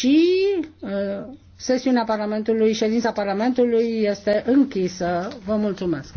și uh, sesiunea Parlamentului, ședința Parlamentului este închisă. Vă mulțumesc!